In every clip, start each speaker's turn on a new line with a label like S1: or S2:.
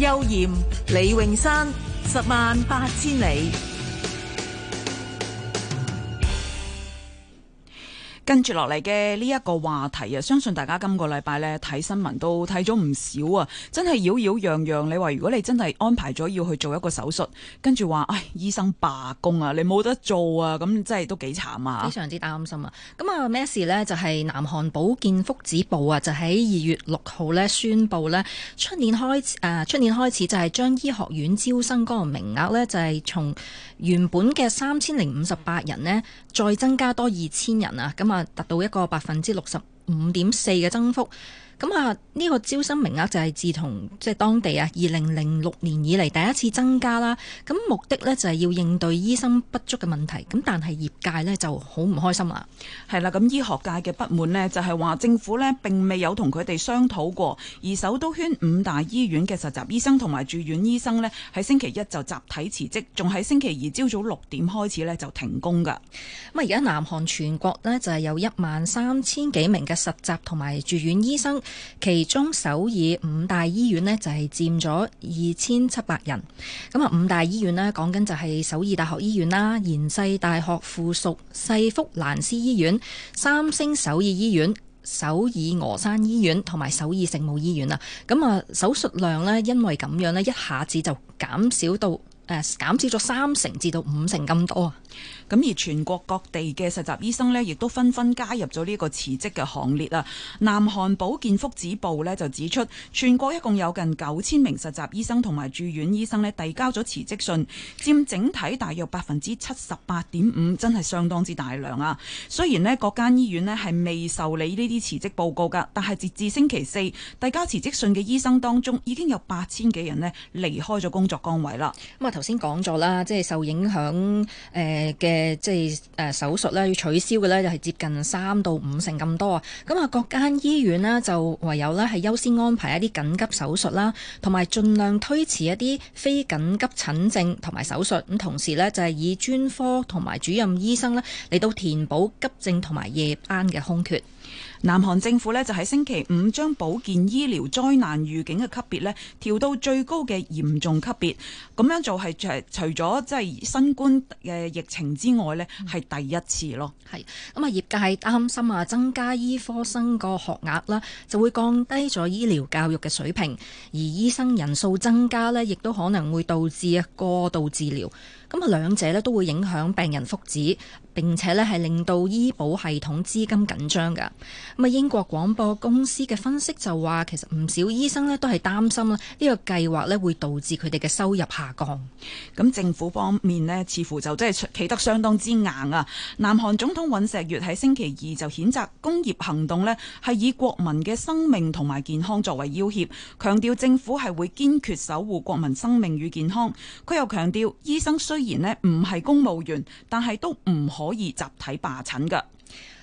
S1: 邱賢、李泳山，十萬八千里。跟住落嚟嘅呢一個話題啊，相信大家今個禮拜呢睇新聞都睇咗唔少啊，真係擾擾攘攘。你話如果你真係安排咗要去做一個手術，跟住話，唉，醫生罷工啊，你冇得
S2: 做啊，咁真係都幾慘啊！非常之擔心啊。咁啊，咩、呃、事呢？就係、是、南韓保健福祉部啊，就喺二月六號呢宣布呢，出年開誒、啊、出年開始就係將醫學院招生嗰個名額呢，就係從，原本嘅三千零五十八人呢，再增加多二千人啊，咁啊，達到一個百分之六十。五點四嘅增幅，咁啊呢個招生名額就係自同即係、就是、當地啊二零零六年以嚟第一次增加啦。咁目的呢就係要應對醫生不足嘅問題，咁但係業界呢就好唔開心啦。係啦，咁醫學界嘅不滿呢就係話
S1: 政府呢並未有同佢哋商討過，而首都圈五大醫院嘅實習醫生同埋住院醫生呢，喺星期一就集體辭職，仲喺星期二朝早六點開始呢
S2: 就停工㗎。咁啊而家南韓全國呢，就係有一萬三千幾名嘅。實習同埋住院醫生，其中首爾五大醫院呢就係佔咗二千七百人。咁啊，五大醫院呢講緊就係首爾大學醫院啦、延世大學附屬世福蘭斯醫院、三星首爾醫院、首爾峨山醫院同埋首爾聖母醫院啊。咁啊，手術量呢因為咁樣呢一下子就減少到誒、呃、減少咗三成至到五成咁多啊。咁而全國各地嘅實習醫生呢，亦都紛紛加入咗呢個辭職嘅行列
S1: 啦。南韓保健福祉部呢，就指出，全國一共有近九千名實習醫生同埋住院醫生呢，遞交咗辭職信，佔整體大約百分之七十八點五，真係相當之大量啊！雖然呢，各間醫院呢，係未受理呢啲辭職報告噶，但係截至星期四遞交辭職信嘅醫生當中，已經有八千幾
S2: 人呢離開咗工作崗位啦。咁啊頭先講咗啦，即係受影響誒嘅。誒，即係誒手術咧，要取消嘅咧，就係接近三到五成咁多啊。咁啊，各間醫院呢，就唯有呢係優先安排一啲緊急手術啦，同埋盡量推遲一啲非緊急診症同埋手術。咁同時呢，就係以專科同埋主任醫生呢嚟到填補急症同埋夜班嘅空缺。南
S1: 韓政府呢，就喺星期五將保健醫療災難預警嘅級別呢調到最高嘅嚴重級別。咁樣做係除除咗即係新冠嘅疫情
S2: 之外呢係第一次咯。係咁啊，業界擔心啊，增加醫科生個學額啦，就會降低咗醫療教育嘅水平，而醫生人數增加呢，亦都可能會導致啊過度治療。咁啊，兩者咧都會影響病人福祉，並且咧係令到醫保系統資金緊張嘅。咁啊，英國廣播公司嘅分析就話，其實唔少醫生咧都係擔心啦，呢個計劃咧會導致佢哋嘅收入下降。咁政府方面咧，似乎就真係企得
S1: 相當之硬啊。南韓總統尹錫悅喺星期二就譴責工業行動咧係以國民嘅生命同埋健康作為要挾，強調政府係會堅決守護國民生命與健康。佢又強調醫生需。雖然咧唔係公務員，但係都唔可以集體罷診噶。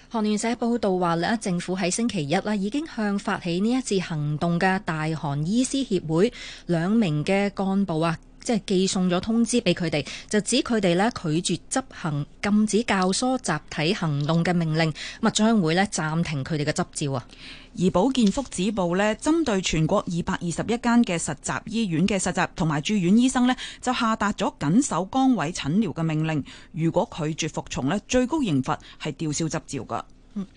S2: 韓聯社報道話咧，政府喺星期一啦，已經向發起呢一次行動嘅大韓醫師協會兩名嘅幹部啊。即係寄送咗通知俾佢哋，就指佢哋咧拒絕執行禁止教唆集體行動嘅命令，咁啊將會咧暫停佢哋嘅執照啊。而保健福祉部咧，針對全國二百二十一間嘅實習醫院
S1: 嘅實習同埋住院醫生咧，就下達咗緊守崗位診療嘅命令。如果拒絕服從咧，最高刑罰係吊銷執照㗎。咁、
S2: 嗯、啊。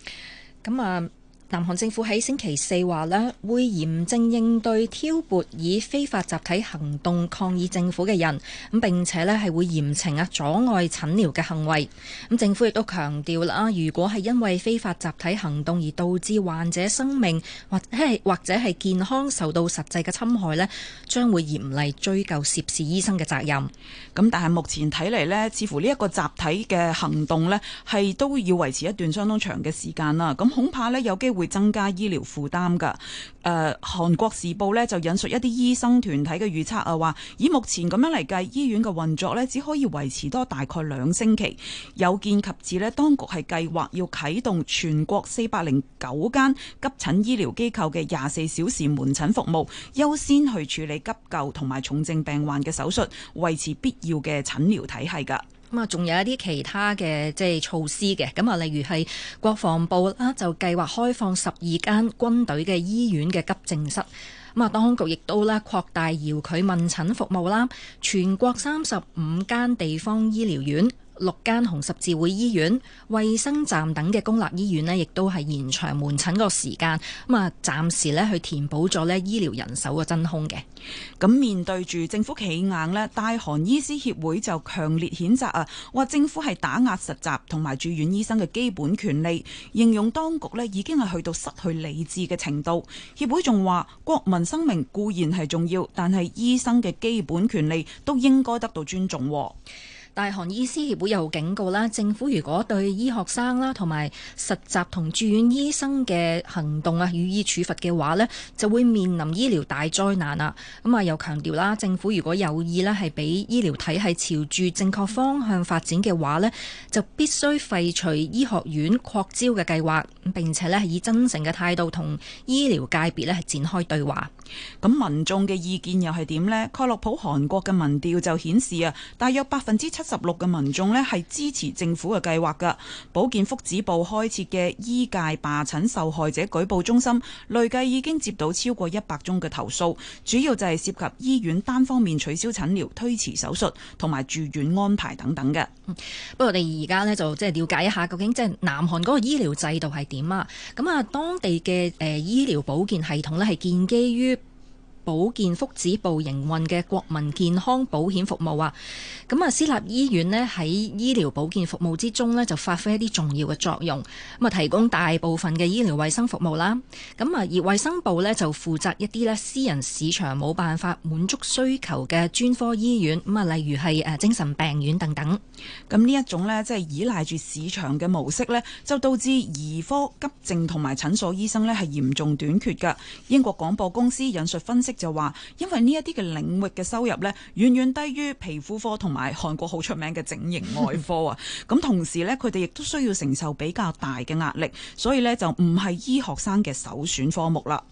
S2: 嗯嗯。南韓政府喺星期四話呢，會嚴正應對挑撥以非法集體行動抗議政府嘅人，咁並且呢係會嚴懲啊阻礙診療嘅行為。咁政府亦都強調啦，如果係因為非法集體行動而導致患者生命或者係或者係健康受到實際嘅侵害呢，將會嚴厲追究涉事醫生嘅責任。咁但係目前睇嚟呢，似乎呢一個集體
S1: 嘅行動呢係都要維持一段相當長嘅時間啦。咁恐怕呢有機會，會增加醫療負擔噶。誒、呃，韓國時報呢就引述一啲醫生團體嘅預測啊，話以目前咁樣嚟計，醫院嘅運作呢只可以維持多大概兩星期。有見及此呢，當局係計劃要啟動全國四百零九間急診醫療機構嘅廿四小時門診服務，優先去處理急救同埋重症病患嘅手術，維持必要嘅診療體系噶。
S2: 咁啊，仲有一啲其他嘅即係措施嘅咁啊，例如係國防部啦，就計劃開放十二間軍隊嘅醫院嘅急症室。咁啊，當局亦都啦擴大遙距問診服務啦，全國三十五間地方醫療院、六間紅十字會醫院、衛生站等嘅公立醫院呢，亦都係延長門診個時間，咁啊，暫時去填補咗咧醫療人手嘅真空嘅。咁
S1: 面對住政府企硬呢，大韓醫師協會就強烈譴責啊，話政府係打壓實習同埋住院醫生嘅基本權利，形容當局已經係去到失去理智嘅程度。協會仲話，國民生命固然係重要，但係醫
S2: 生嘅基本權利都應該得到尊重。大韓醫師協會又警告啦，政府如果對醫學生啦同埋實習同住院醫生嘅行動啊予以處罰嘅話咧，就會面臨醫療大災難啊！咁啊又強調啦，政府如果有意咧係俾醫療體系朝住正確方向發展嘅話咧，就必須廢除醫學院擴招嘅計劃，並且咧係以真誠嘅態度同醫療界別咧係展開對話。咁民眾嘅意見又係點
S1: 呢？蓋洛普韓國嘅民調就顯示啊，大約百分之七七十六嘅民眾呢係支持政府嘅計劃㗎。保健福祉部開設嘅醫界罷診受害者舉報中心，累計已經接到超過一百宗嘅投訴，主要就係涉及醫院單方面取消診療、推遲手術同埋住院安排等等嘅。
S2: 不過我哋而家呢，就即係了解一下，究竟即係南韓嗰個醫療制度係點啊？咁啊，當地嘅誒醫療保健系統呢，係建基於。保健福祉部營運嘅國民健康保險服務啊，咁啊私立醫院咧喺醫療保健服務之中咧就發揮一啲重要嘅作用，咁啊提供大部分嘅醫療衛生服務啦、啊。咁啊而衛生部咧就負責一啲咧私人市場冇辦法滿足需求嘅專科醫院，咁啊例如係誒精神病院等等。咁呢一種
S1: 咧即係依賴住市場嘅模式咧，就導致兒科急症同埋診所醫生咧係嚴重短缺嘅。英國廣播公司引述分析。就話，因為呢一啲嘅領域嘅收入呢，遠遠低於皮膚科同埋韓國好出名嘅整形外科啊。咁 同時呢，佢哋亦都需要承受比較大嘅壓力，所以呢，就唔係醫學生
S2: 嘅首選科目啦。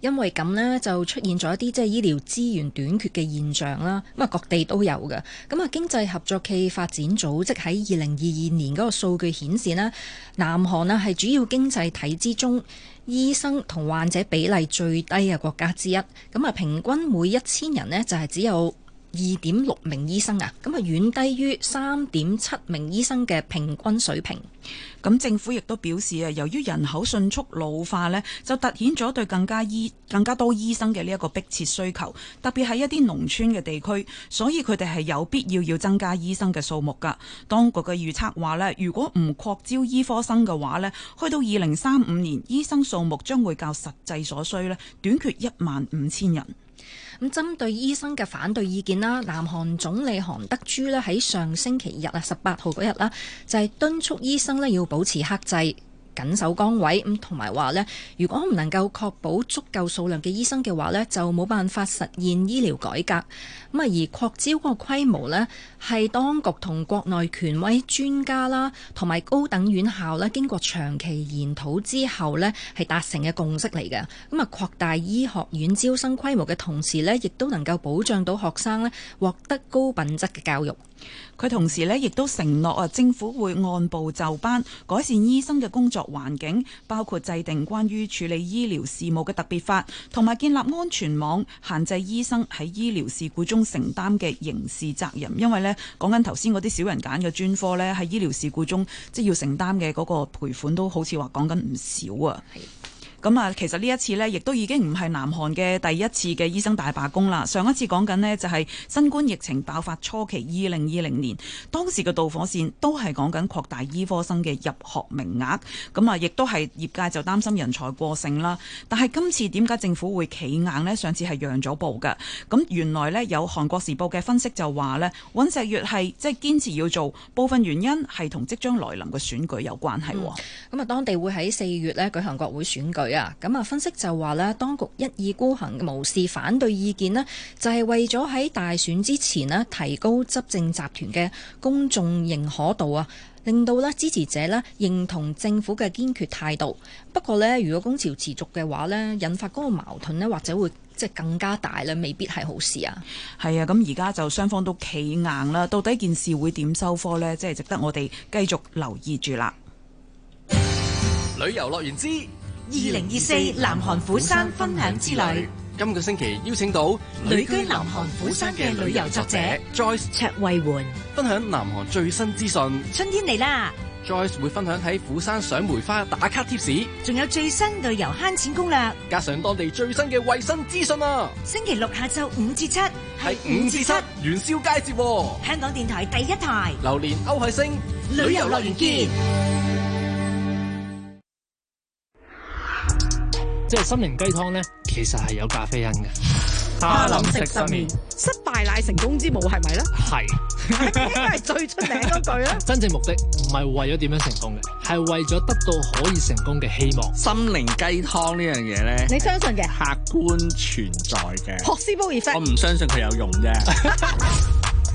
S2: 因為咁呢，就出現咗一啲即係醫療資源短缺嘅現象啦。咁啊，各地都有噶。咁啊，經濟合作暨發展組織喺二零二二年嗰個數據顯示呢，南韓啊係主要經濟體之中。醫生同患者比例最低嘅國家之一，咁啊，平均每一千人呢，就係只有二點六名醫生啊，咁啊，遠低於三點七名醫生嘅平均水平。咁政府亦都表示啊，由於人口迅速老化
S1: 呢，就凸顯咗對更加醫、更加多醫生嘅呢一個迫切需求。特別係一啲農村嘅地區，所以佢哋係有必要要增加醫生嘅數目㗎。當局嘅預測話呢，如果唔擴招醫科生嘅話呢，去到二零三五年，醫生數目將會較實際所需呢，短缺一萬五千人。
S2: 咁針對醫生嘅反對意見啦，南韓總理韓德珠呢，喺上星期日啊，十八號嗰日啦，就係敦促醫生呢要保持克制。緊守崗位咁，同埋話咧，如果唔能夠確保足夠數量嘅醫生嘅話咧，就冇辦法實現醫療改革。咁啊，而擴招個規模咧，係當局同國內權威專家啦，同埋高等院校咧，經過長期研討之後咧，係達成嘅共識嚟嘅。咁啊，擴大醫學院招生規模嘅同時咧，亦都能夠保障到學生咧獲得高品質嘅教育。佢同時咧，亦都承諾啊，
S1: 政府會按部就班改善醫生嘅工作，環境包括制定關於處理醫療事務嘅特別法，同埋建立安全網，限制醫生喺醫療事故中承擔嘅刑事責任。因為呢，講緊頭先嗰啲少人揀嘅專科呢，喺醫療事故中即係要承擔嘅嗰個賠款都好似話講緊唔少啊。咁啊，其實呢一次咧，亦都已經唔係南韓嘅第一次嘅醫生大罷工啦。上一次講緊咧，就係新冠疫情爆發初期，二零二零年當時嘅導火線都係講緊擴大醫科生嘅入學名額，咁啊，亦都係業界就擔心人才過剩啦。但係今次點解政府會企硬咧？上次係讓咗步嘅。咁原來咧，有韓國時報嘅分析就話咧，尹錫悅係即係堅持要做，部分原因係同即將來臨嘅選舉有關係，咁、
S2: 嗯、啊，當地會喺四月咧舉行國會選舉。咁啊，分析就話咧，當局一意孤行，無視反對意見咧，就係為咗喺大選之前咧，提高執政集團嘅公眾認可度啊，令到咧支持者咧認同政府嘅堅決態度。不過咧，如果工潮持續嘅話咧，引發嗰個矛盾咧，或者會即係更加大咧，未必係好事啊。係啊，咁而家就雙方都企硬啦，到底件事會點收科呢？即係值得我
S1: 哋繼續留意住啦。
S2: 旅遊樂園之，二
S1: 零二四南韓釜
S2: 山分享之旅，今個星期邀請到旅居南韓釜山嘅旅遊作者 Joyce 卓慧媛，分享南韓最新資訊。春天嚟啦，Joyce 會分享喺釜山賞梅花打卡貼士，仲有最新旅遊慳錢攻略，加上當地最新嘅衛生資訊啊！星期六下晝五至七係五至七元宵佳節，香港電台第一台，流連歐海星
S3: 旅遊樂園見。
S2: 即係心靈雞湯咧，其實係有咖啡因嘅。哈林食失眠， 失敗乃成功之母，係咪咧？係。係應該係最出名嗰句咧。真正目的唔係為咗點樣成功嘅，係為咗得到可以成功嘅希望。心靈雞湯呢樣嘢咧，你相信嘅？客觀存在嘅。學思我唔相信佢有用啫。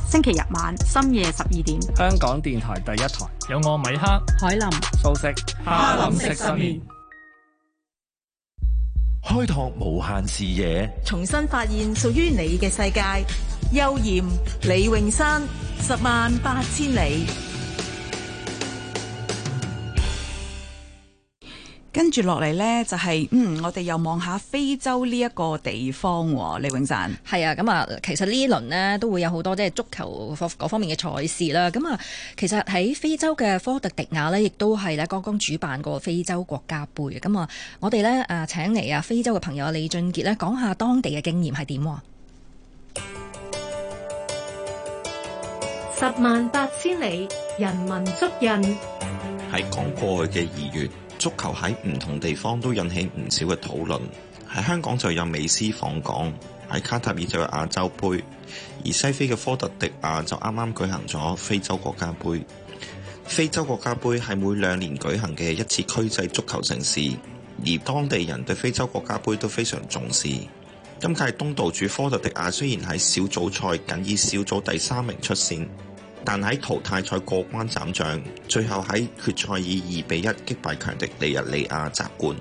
S1: 星期日晚深夜十二點，
S2: 香港電台第一
S3: 台有我米克、海林、素食、哈林食失眠。開拓無限視野，
S1: 重新發現屬於你嘅世界。悠然李詠山，十萬八千里。跟住落嚟呢，就係
S2: 嗯，我哋又望下非洲呢一個地方。李永贊係啊，咁啊，其實呢輪呢，都會有好多即係足球方方面嘅賽事啦。咁啊，其實喺非洲嘅科特迪瓦呢，亦都係呢，剛剛主辦過非洲國家盃。咁啊，我哋呢，啊，請嚟啊，非洲嘅朋友李俊杰呢，講下當地嘅經驗係點。十萬八千里，人文
S3: 足印，喺講過去嘅二月。足球喺唔同地方都引起唔少嘅討論，喺香港就有美斯訪港，喺卡塔爾就有亞洲杯，而西非嘅科特迪瓦就啱啱舉行咗非洲國家杯。非洲國家杯係每兩年舉行嘅一次區際足球盛事，而當地人對非洲國家杯都非常重視。今屆東道主科特迪瓦雖然喺小組賽僅以小組第三名出線。但喺淘汰賽過關斬將，最後喺決賽以二比一擊敗強敵尼日利亞，摘冠。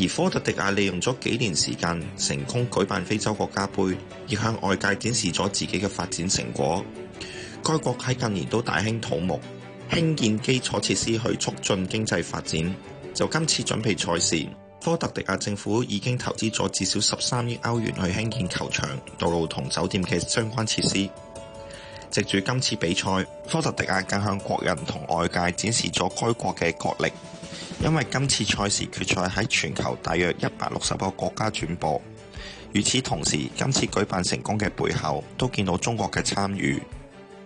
S3: 而科特迪瓦利用咗幾年時間，成功舉辦非洲國家盃，亦向外界展示咗自己嘅發展成果。該國喺近年都大興土木，興建基礎設施去促進經濟發展。就今次準備賽事，科特迪瓦政府已經投資咗至少十三億歐元去興建球場、道路同酒店嘅相關設施。藉住今次比賽，科特迪瓦更向國人同外界展示咗該國嘅國力，因為今次賽事決賽喺全球大約一百六十個國家轉播。與此同時，今次舉辦成功嘅背後，都見到中國嘅參與。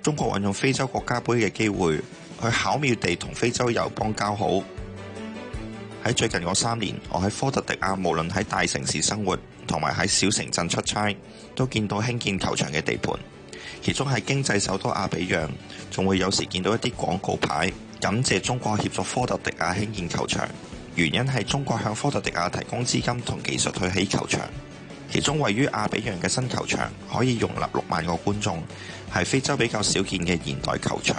S3: 中國運用非洲國家盃嘅機會，去巧妙地同非洲友邦交好。喺最近嗰三年，我喺科特迪瓦，無論喺大城市生活，同埋喺小城鎮出差，都見到興建球場嘅地盤。其中係經濟首都阿比揚，仲會有時見到一啲廣告牌，感謝中國協助科特迪瓦興建球場。原因係中國向科特迪瓦提供資金同技術去起球場。其中位於阿比揚嘅新球場可以容納六萬個觀眾，係非洲比較少見嘅現代球場。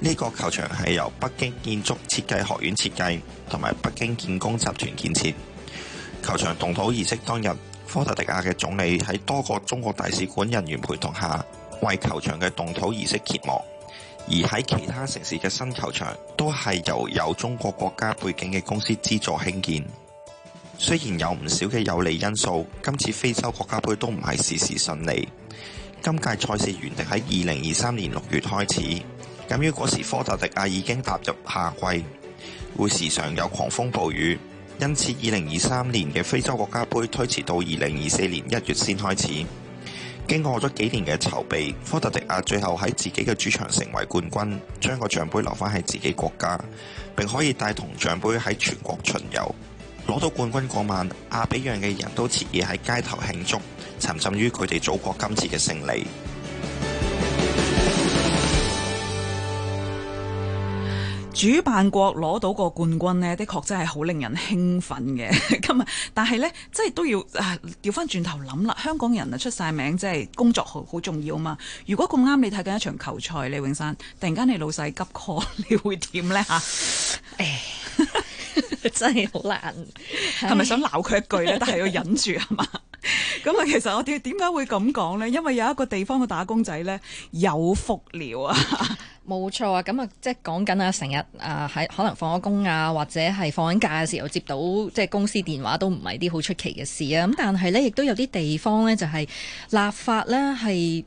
S3: 呢、這個球場係由北京建築設計學院設計，同埋北京建工集團建設。球場動土儀式當日，科特迪瓦嘅總理喺多個中國大使館人員陪同下。為球場嘅動土儀式揭幕，而喺其他城市嘅新球場都係由有中國國家背景嘅公司資助興建。雖然有唔少嘅有利因素，今次非洲國家盃都唔係事事順利。今屆賽事原定喺二零二三年六月開始，咁於嗰時科特迪瓦已經踏入夏季，會時常有狂風暴雨，因此二零二三年嘅非洲國家盃推遲到二零二四年一月先開始。經過咗幾年嘅籌備，科特迪瓦最後喺自己嘅主場成為冠軍，將個獎盃留翻喺自己國家，並可以帶同獎盃喺全國巡遊。攞到冠軍嗰晚，阿比讓嘅人都徹夜喺街頭慶祝，沉浸於佢哋祖國今次嘅勝利。
S1: 主辦國攞到個冠軍呢，的確真係好令人興奮嘅。今日，但係呢，即係都要啊，調翻轉頭諗啦。香港人啊，出晒名，即係工作好好重要啊嘛。如果咁啱，你睇緊一場球賽，李永山，突然間你老細急 call，你會點呢？嚇？ 真係好難，係 咪想鬧佢一句呢？但係要忍住啊嘛？咁啊，其實我哋點解會咁講
S2: 呢？因為有一個地方嘅打工仔呢，有福了啊！ 冇錯啊，咁啊，即係講緊啊，成日啊喺可能放咗工啊，或者係放緊假嘅時候接到即係公司電話都唔係啲好出奇嘅事啊。咁但係呢，亦都有啲地方呢，就係、係、立法呢，係誒、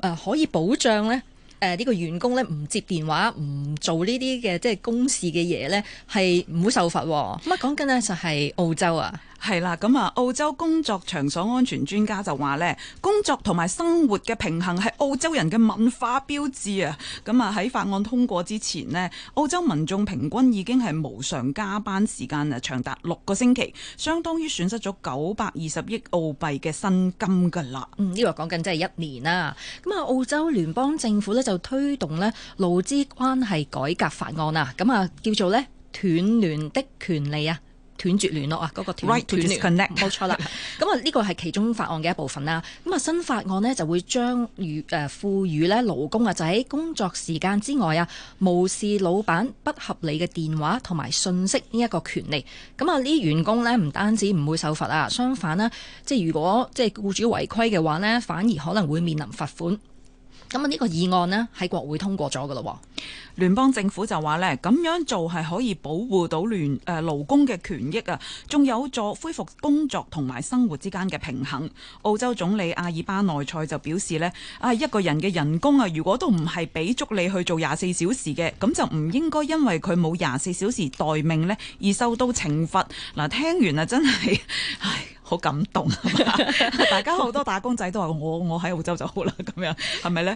S2: 呃、可以保障呢，誒、呃、呢、呢個員工呢唔接電話、唔做呢啲嘅即係公事嘅嘢呢，係唔會受罰喎。咁啊，講緊呢就係澳洲啊。係啦，咁啊，澳洲工作場所安全專家就話呢，工
S1: 作同埋生活嘅平衡係澳洲人嘅文化標誌啊。咁啊，喺法案通過之前呢，澳洲民眾平均已經係無償加班時間啊，長達六
S2: 個星期，相當於損失咗九百二十億澳幣嘅薪金噶啦。嗯，呢個講緊真係一年啦。咁啊，澳洲聯邦政府呢就推動呢勞資關係改革法案啊。咁啊，叫做呢斷聯的權利啊。斷絕聯絡啊！嗰個斷斷絕聯絡，冇、嗰個 right, 錯啦。咁啊，呢個係其中法案嘅一部分啦。咁啊，新法案呢，就會將語誒賦予呢勞工啊，就喺工作時間之外啊，無視老闆不合理嘅電話同埋信息呢一個權利。咁啊，呢啲員工呢，唔單止唔會受罰啊，相反啦，即係如果即係僱主違規嘅話呢，反而可能會面臨罰款。咁啊！呢個議案呢，喺國會通過咗噶咯，
S1: 聯邦政府就話呢，咁樣做係可以保護到聯誒勞工嘅權益啊，仲有助恢復工作同埋生活之間嘅平衡。澳洲總理阿爾巴內塞就表示呢，「啊，一個人嘅人工啊，如果都唔係俾足你去做廿四小時嘅，咁就唔應該因為佢冇廿四小時待命呢而受到懲罰。嗱，聽完啊，真係，唉。好感動 大家好多打工仔都話：
S2: 我我喺澳洲就好啦，咁樣係咪呢？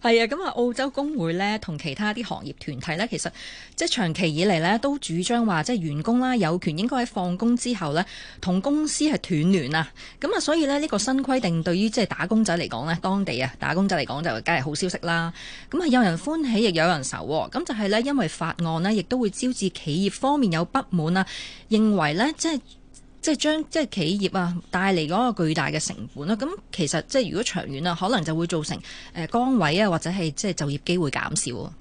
S2: 係啊，咁啊，澳洲工會呢同其他啲行業團體呢，其實即係長期以嚟呢都主張話，即係員工啦有權應該喺放工之後呢同公司係斷聯啊。咁啊，所以呢，呢個新規定對於即係打工仔嚟講呢，當地啊打工仔嚟講就梗係好消息啦。咁啊，有人歡喜亦有人愁，愁。咁就係呢，因為法案呢亦都會招致企業方面有不滿啊，認為呢即係。即係將即係企業啊帶嚟嗰個巨大嘅成本啦，咁其實即係如果長遠啊，可能就會造成誒崗位啊或者係即係就業機會減少。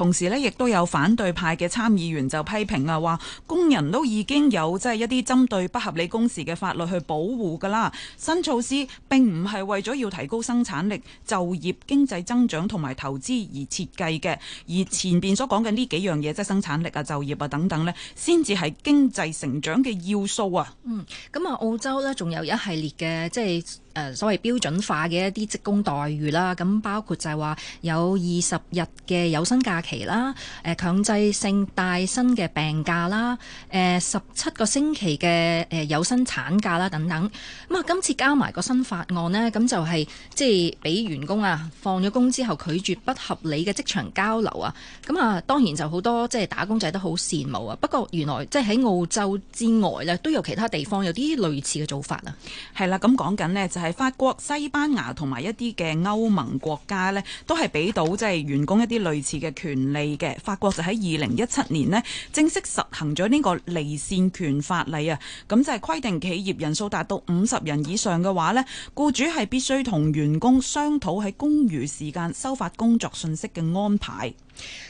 S1: 同時呢，亦都有反對派嘅參議員就批評啊，話工人都已經有即係、就是、一啲針對不合理工時嘅法律去保護㗎啦。新措施並唔係為咗要提高生產力、就業、經濟增長同埋投資而設計嘅，而前邊所講嘅呢幾樣嘢，即係生產力啊、就業啊等等呢，先至係經濟成長嘅要素啊。嗯，
S2: 咁啊，澳洲呢，仲有一系列嘅即係、呃、所謂標準化嘅一啲職工待遇啦，咁包括就係話有二十日嘅有薪假期。期啦，誒強制性帶薪嘅病假啦，誒十七個星期嘅誒有薪產假啦，等等。咁啊，今次加埋個新法案呢，咁就係、是、即係俾員工啊放咗工之後拒絕不合理嘅職場交流啊。咁啊，當然就好多即係打工仔都好羨慕啊。不過原來即係喺澳洲之外呢，都有其他地方有啲類似嘅做法啊。係啦，咁講緊呢，就係法國、西班
S1: 牙同埋一啲嘅歐盟國家呢，都係俾到即係員工一啲類似嘅權權利嘅法國就喺二零一七年呢，正式實行咗呢個離線權法例啊，咁就係規定企業人數達到五十人以上嘅話咧，雇主係必須
S2: 同員工商討喺公餘時間收發工作信息嘅安排。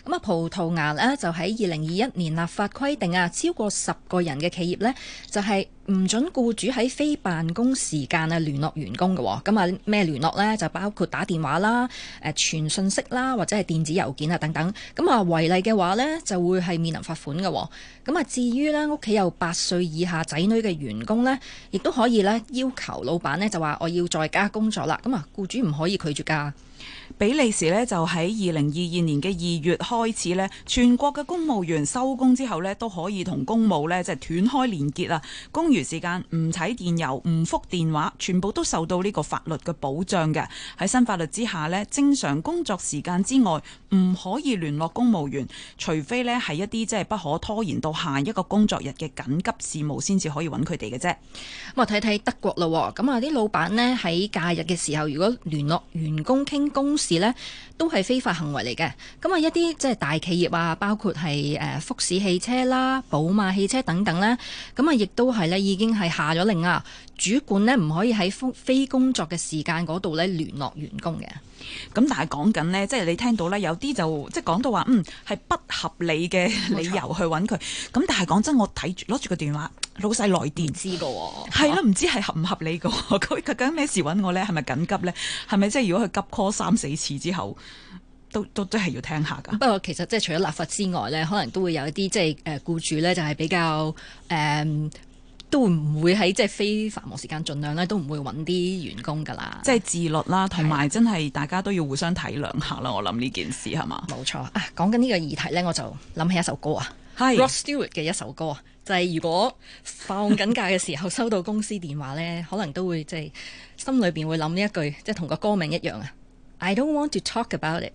S2: 咁啊，葡萄牙咧就喺二零二一年立法規定啊，超過十個人嘅企業呢，就係唔准僱主喺非辦公時間啊聯絡員工嘅。咁啊，咩聯絡呢？就包括打電話啦、誒傳信息啦，或者係電子郵件啊等等。咁啊，違例嘅話呢，就會係面臨罰款嘅。咁啊，至於呢屋企有八歲以下仔女嘅員工呢，亦都可以呢要求老闆呢，就話我要在家工作啦。咁啊，僱主唔可以拒絕噶。比利時呢，就喺二零二二年嘅二月
S1: 開始呢，全國嘅公務員收工之後呢，都可以同公務呢，即係斷開連結啊，公餘時間唔睇電郵、唔覆電話，全部都受到呢個法律嘅保障嘅。喺新法律之下呢，正常工作時間之外唔可以聯絡公務員，除非呢係一啲即係不可拖延到下一個工作日嘅緊急事務
S2: 先至可以揾佢哋嘅啫。咁啊，睇睇德國咯，咁啊啲老闆呢，喺假日嘅時候，如果聯絡員工傾。公示呢都係非法行為嚟嘅，咁啊一啲即係大企業啊，包括係誒福士汽車啦、寶馬汽車等等咧，咁啊亦都係呢已經係下咗令啊，主管呢唔可以喺非工作嘅時間嗰度咧聯絡員工嘅。咁但係講緊咧，即係你聽到咧，有啲就即係講到話，
S1: 嗯係不合理嘅理由去搵佢。咁但係講真，我睇住攞住個電話，老細來電唔知噶、哦。係啦，唔知係合唔合理噶。佢 究竟咩事搵我咧？係咪緊急咧？係咪即係如果佢急 call 三四次之後，都都真係要聽一下噶。
S2: 不過其實即係除咗立法之外咧，可能都會有一啲即係誒僱主咧，就係比較誒。嗯都唔會喺即係非繁忙時間，盡量咧都唔會揾啲員工㗎啦。即係自
S1: 律啦，同埋真係大家都要互相體諒下啦。我諗呢件事係嘛？冇錯
S2: 啊！講緊呢個議題呢，我就諗起一首歌啊，是 Rod Stewart 嘅一首歌啊，就係、是、如果放緊假嘅時候收到公司電話呢， 可能都會即係心裏邊會諗呢一句，即係同個歌名一樣啊，I don't want to talk about it。